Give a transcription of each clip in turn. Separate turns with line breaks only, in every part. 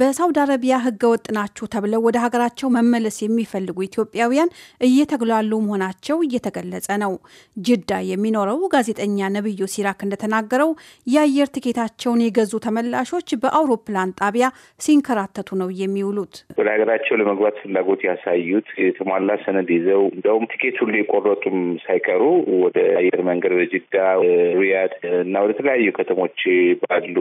በሳውዲ አረቢያ ወጥ ናችሁ ተብለው ወደ ሀገራቸው መመለስ የሚፈልጉ ኢትዮጵያውያን እየተግላሉ መሆናቸው እየተገለጸ ነው። ጅዳ የሚኖረው ጋዜጠኛ ነብዩ ሲራክ እንደተናገረው የአየር ትኬታቸውን የገዙ ተመላሾች በአውሮፕላን ጣቢያ ሲንከራተቱ ነው የሚውሉት።
ወደ ሀገራቸው ለመግባት ፍላጎት ያሳዩት የተሟላ ሰነድ ይዘው እንደውም ትኬት ሁሉ የቆረጡም ሳይቀሩ ወደ አየር መንገድ በጅዳ ሪያድ እና ወደ ተለያዩ ከተሞች ባሉ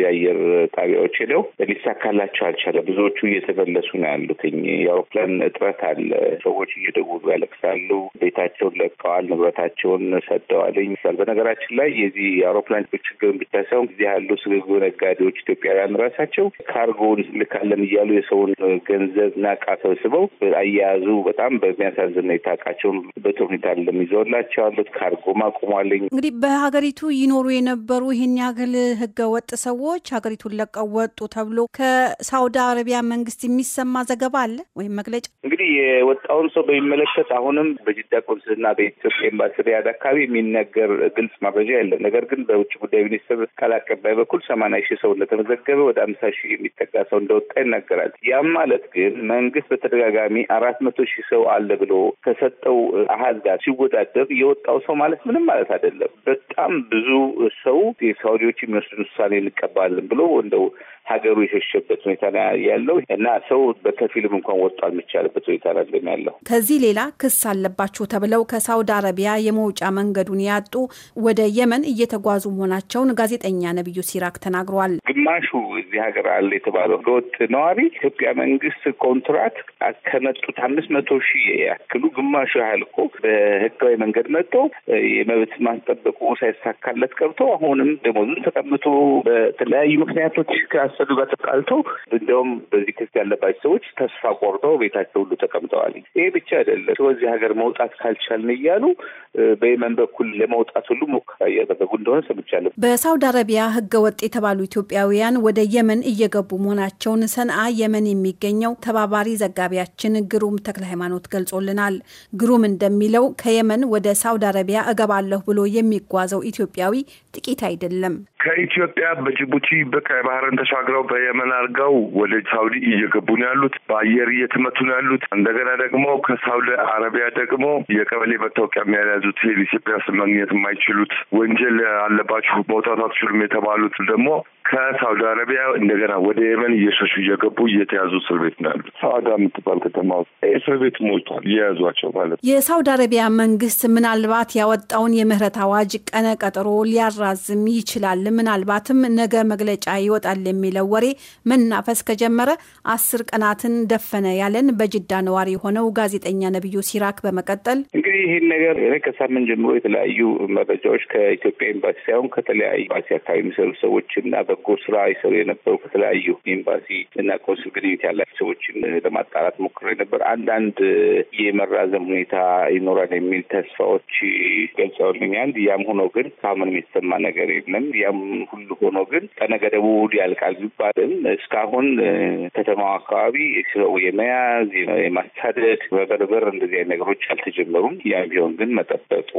የአየር ጣቢያዎች ሄደው ሊሳካላቸው አልቻለም። ብዙዎቹ እየተመለሱ ነው ያሉትኝ። የአውሮፕላን እጥረት አለ። ሰዎች እየደወሉ ያለቅሳሉ። ቤታቸውን ለቀዋል፣ ንብረታቸውን ሰደዋልኝ ይል በነገራችን ላይ የዚህ የአውሮፕላን ችግርን ብቻ ሳይሆን እዚህ ያሉ ስግብግብ ነጋዴዎች ኢትዮጵያውያን ራሳቸው ካርጎን ልካለን እያሉ የሰውን ገንዘብ ናቃ ሰብስበው አያያዙ በጣም በሚያሳዝን ሁኔታ እቃቸውን በጥሩ ሁኔታ ለሚዘውላቸው ያሉት ካርጎ ማቁሟልኝ እንግዲህ
በሀገሪቱ ይኖሩ የነበሩ ይህን ያህል ህገወጥ ሰው ሰዎች ሀገሪቱን ለቀው ወጡ ተብሎ ከሳውዲ አረቢያ መንግስት የሚሰማ ዘገባ አለ ወይም መግለጫ።
እንግዲህ የወጣውን ሰው በሚመለከት አሁንም በጅዳ ቆንስልና በኢትዮጵያ ኤምባሲ ሪያድ አካባቢ የሚነገር ግልጽ ማብረጃ የለም። ነገር ግን በውጭ ጉዳይ ሚኒስትር ቃል አቀባይ በኩል ሰማንያ ሺህ ሰው እንደተመዘገበ ወደ አምሳ ሺህ የሚጠጋ ሰው እንደወጣ ይናገራል። ያም ማለት ግን መንግስት በተደጋጋሚ አራት መቶ ሺህ ሰው አለ ብሎ ከሰጠው አሀዝ ጋር ሲወዳደር የወጣው ሰው ማለት ምንም ማለት አይደለም። በጣም ብዙ ሰው የሳውዲዎች የሚወስዱን ውሳኔ እናስቀባለን ብሎ እንደው ሀገሩ የሸሸበት ሁኔታ ያለው እና ሰው በከፊልም እንኳን ወጣ የሚቻልበት ሁኔታ ላለን ያለው።
ከዚህ ሌላ ክስ አለባቸው ተብለው ከሳውዲ አረቢያ የመውጫ መንገዱን ያጡ ወደ የመን እየተጓዙ መሆናቸውን ጋዜጠኛ ነቢዩ ሲራክ ተናግረዋል።
ግማሹ እዚህ ሀገር አለ የተባለው ህገወጥ ነዋሪ ኢትዮጵያ መንግስት ኮንትራት ከመጡት አምስት መቶ ሺህ ያክሉ ግማሹ ያህል እኮ በህጋዊ መንገድ መጥቶ የመብት ማስጠበቁ ሳይሳካለት ቀርቶ አሁንም ደሞዙን ተቀምቶ በተለያዩ ምክንያቶች ከመሳሰሉ ጋር ተቃልተው እንዲያውም በዚህ ክስ ያለባቸው ሰዎች ተስፋ ቆርጠው ቤታቸው ሁሉ ተቀምጠዋል። ይሄ ብቻ አይደለም። ከዚህ ሀገር መውጣት ካልቻልን እያሉ በየመን በኩል ለመውጣት ሁሉ ሙከራ እያደረጉ እንደሆነ ሰምቻለሁ።
በሳውዲ አረቢያ ህገ ወጥ የተባሉ ኢትዮጵያውያን ወደ የመን እየገቡ መሆናቸውን ሰንአ የመን የሚገኘው ተባባሪ ዘጋቢያችን ግሩም ተክለ ሃይማኖት ገልጾልናል። ግሩም እንደሚለው ከየመን ወደ ሳውዲ አረቢያ እገባለሁ ብሎ የሚጓዘው ኢትዮጵያዊ ጥቂት አይደለም።
ከኢትዮጵያ በጅቡቲ ባህርን ተሻግረው በየመን አድርገው ወደ ሳውዲ እየገቡ ነው ያሉት። በአየር እየተመቱ ነው ያሉት። እንደገና ደግሞ ከሳውዲ አረቢያ ደግሞ የቀበሌ መታወቂያ የሚያያዙት ኢትዮጵያ ውስጥ ማግኘት የማይችሉት ወንጀል አለባችሁ መውጣት አትችሉም የተባሉት ደግሞ ከሳውዲ አረቢያ እንደገና ወደ የመን እየሸሹ እየገቡ እየተያዙ እስር ቤት ነው ያሉት። ሳዕዳ የምትባል ከተማ ውስጥ እስር ቤት ሞልቷል። እየያዟቸው
ማለት የሳውዲ አረቢያ መንግስት ምናልባት ያወጣውን የምህረት አዋጅ ቀነ ቀጠሮ ሊያራዝም ይችላል ምናልባትም ነገ መግለጫ ይወጣል የሚለው ወሬ መናፈስ ከጀመረ አስር ቀናትን ደፈነ ያለን በጅዳ ነዋሪ የሆነው ጋዜጠኛ ነብዩ ሲራክ በመቀጠል
እንግዲህ ይህን ነገር እኔ ከሳምንት ጀምሮ የተለያዩ መረጃዎች ከኢትዮጵያ ኤምባሲ ሳይሆን ከተለያዩ ኤምባሲ አካባቢ የሚሰሩ ሰዎች እና በጎ ስራ ይሰሩ የነበሩ ከተለያዩ ኤምባሲ እና ቆንስል ግንኙነት ያላቸው ሰዎችን ለማጣራት ሞክሮ ነበር። አንዳንድ የመራዘም ሁኔታ ይኖራል የሚል ተስፋዎች ገልጸውልኛል። ያም ሆኖ ግን ካሁንም የተሰማ ነገር የለም። ያም ሁሉ ሆኖ ግን ቀነ ገደቡ ያልቃል ቢባልም እስካሁን ከተማው አካባቢ ሰው የመያዝ የማሳደድ መበርበር እንደዚህ አይነት ነገሮች አልተጀመሩም። ያም ቢሆን ግን መጠበቁ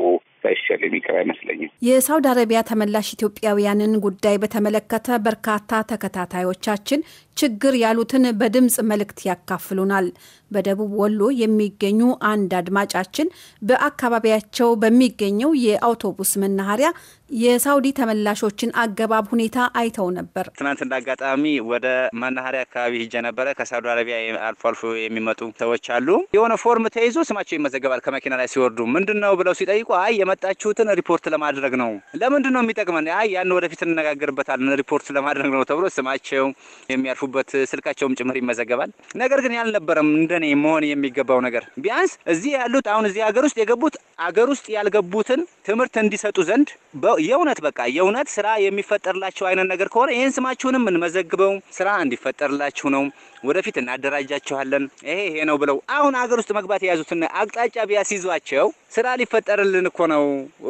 ሳይሻል የሚቀር አይመስለኝም።
የሳውዲ አረቢያ ተመላሽ ኢትዮጵያውያንን ጉዳይ በተመለከተ በርካታ ተከታታዮቻችን ችግር ያሉትን በድምፅ መልእክት ያካፍሉናል። በደቡብ ወሎ የሚገኙ አንድ አድማጫችን በአካባቢያቸው በሚገኘው የአውቶቡስ መናኸሪያ የሳውዲ ተመላሾችን አገባብ ሁኔታ አይተው ነበር።
ትናንት እንደ አጋጣሚ ወደ መናኸሪያ አካባቢ ሂጄ ነበረ። ከሳውዲ አረቢያ አልፎ አልፎ የሚመጡ ሰዎች አሉ። የሆነ ፎርም ተይዞ ስማቸው ይመዘገባል። ከመኪና ላይ ሲወርዱ ምንድን ነው ብለው ሲጠይቁ አይ የመጣችሁትን ሪፖርት ለማድረግ ነው። ለምንድን ነው የሚጠቅመን? አይ ያን ወደፊት እንነጋገርበታለን። ሪፖርት ለማድረግ ነው ተብሎ ስማቸው የሚያርፉበት ስልካቸውም ጭምር ይመዘገባል። ነገር ግን ያልነበረም እንደኔ መሆን የሚገባው ነገር ቢያንስ እዚህ ያሉት አሁን እዚህ ሀገር ውስጥ የገቡት አገር ውስጥ ያልገቡትን ትምህርት እንዲሰጡ ዘንድ የእውነት በቃ የእውነት ስራ የሚፈጠርላቸው አይነት ነገር ከሆነ ይህን ስማችሁንም እንመዘግበው፣ ስራ እንዲፈጠርላችሁ ነው። ወደፊት እናደራጃችኋለን። ይሄ ይሄ ነው ብለው አሁን አገር ውስጥ መግባት የያዙትን አቅጣጫ ቢያስይዟቸው ስራ ሊፈጠርልን እኮ ነው፣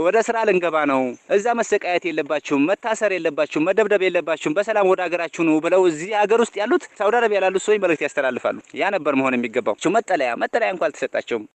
ወደ ስራ ልንገባ ነው፣ እዛ መሰቃየት የለባችሁም፣ መታሰር የለባችሁም፣ መደብደብ የለባችሁም፣ በሰላም ወደ ሀገራችሁ ነው ብለው እዚህ ሀገር ውስጥ ያሉት ሳውዲ አረቢያ ላሉት ሰዎች መልእክት ያስተላልፋሉ። ያ ነበር መሆን የሚገባው። መጠለያ መጠለያ እንኳ አልተሰጣቸውም።